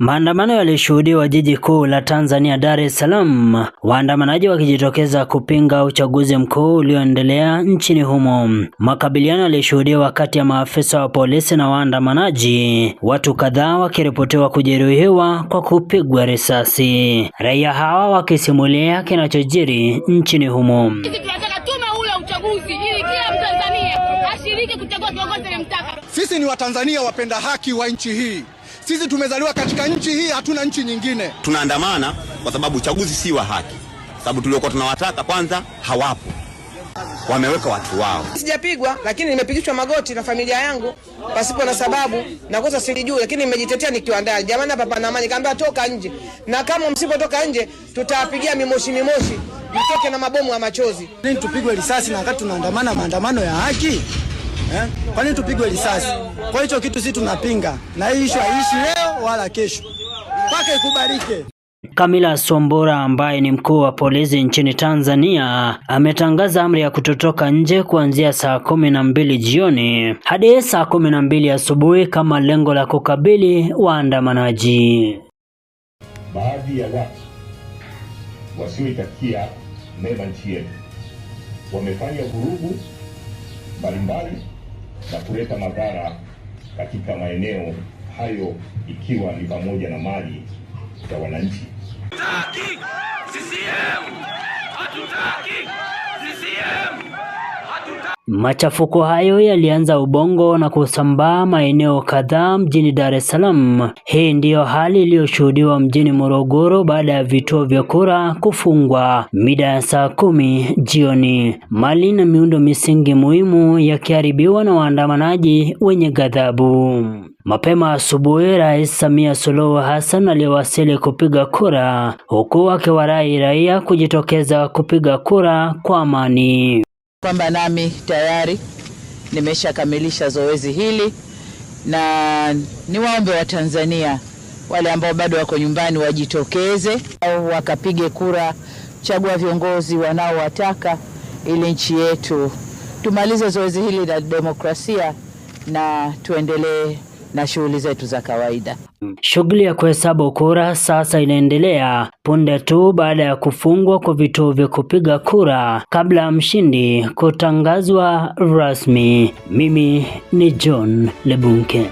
Maandamano yalishuhudiwa jiji kuu la Tanzania Dar es Salaam, waandamanaji wakijitokeza kupinga uchaguzi mkuu ulioendelea nchini humo. Makabiliano yalishuhudiwa kati ya maafisa wa polisi na waandamanaji, watu kadhaa wakiripotiwa kujeruhiwa kwa kupigwa risasi, raia hawa wakisimulia kinachojiri nchini humo. Sisi ni Watanzania wapenda haki wa nchi hii sisi tumezaliwa katika nchi hii, hatuna nchi nyingine. Tunaandamana kwa sababu uchaguzi si wa haki, sababu tuliokuwa tunawataka kwanza hawapo, wameweka watu wao. Sijapigwa, lakini nimepigishwa magoti na familia yangu pasipo na sababu, na kosa sijui, lakini nimejitetea nikiwa ndani. Jamani, hapa pana amani, kaambia toka nje, na kama msipotoka nje tutawapigia mimoshi mimoshi, mtoke na mabomu ya machozi. Tupigwe risasi na wakati tunaandamana maandamano ya haki eh? Kwa nini tupigwe risasi? Kwa hicho kitu sisi tunapinga, na hii issue haiishi leo wala kesho, mpaka ikubarike Kamila Sombora ambaye ni mkuu wa polisi nchini Tanzania ametangaza amri ya kutotoka nje kuanzia saa kumi na mbili jioni hadi saa kumi na mbili asubuhi kama lengo la kukabili waandamanaji. Baadhi ya watu wasioitakia mema nchi yetu wamefanya vurugu mbalimbali na kuleta madhara katika maeneo hayo ikiwa ni pamoja na mali za wananchi. Hatutaki CCM! Hatutaki CCM! Machafuko hayo yalianza Ubongo na kusambaa maeneo kadhaa mjini Dar es Salaam. Hii ndiyo hali iliyoshuhudiwa mjini Morogoro baada ya vituo vya kura kufungwa mida ya saa kumi jioni, mali na miundo misingi muhimu yakiharibiwa na waandamanaji wenye ghadhabu. Mapema asubuhi, Rais Samia Suluhu Hassan aliwasili kupiga kura, huku akiwarai raia kujitokeza kupiga kura kwa amani. Kwamba nami tayari nimeshakamilisha zoezi hili, na niwaombe Watanzania wale ambao bado wako nyumbani wajitokeze au wakapige kura, chagua viongozi wanaowataka ili nchi yetu tumalize zoezi hili la demokrasia na tuendelee na shughuli zetu za kawaida. Shughuli ya kuhesabu kura sasa inaendelea punde tu baada ya kufungwa kwa vituo vya kupiga kura kabla ya mshindi kutangazwa rasmi. Mimi ni John Lebunke.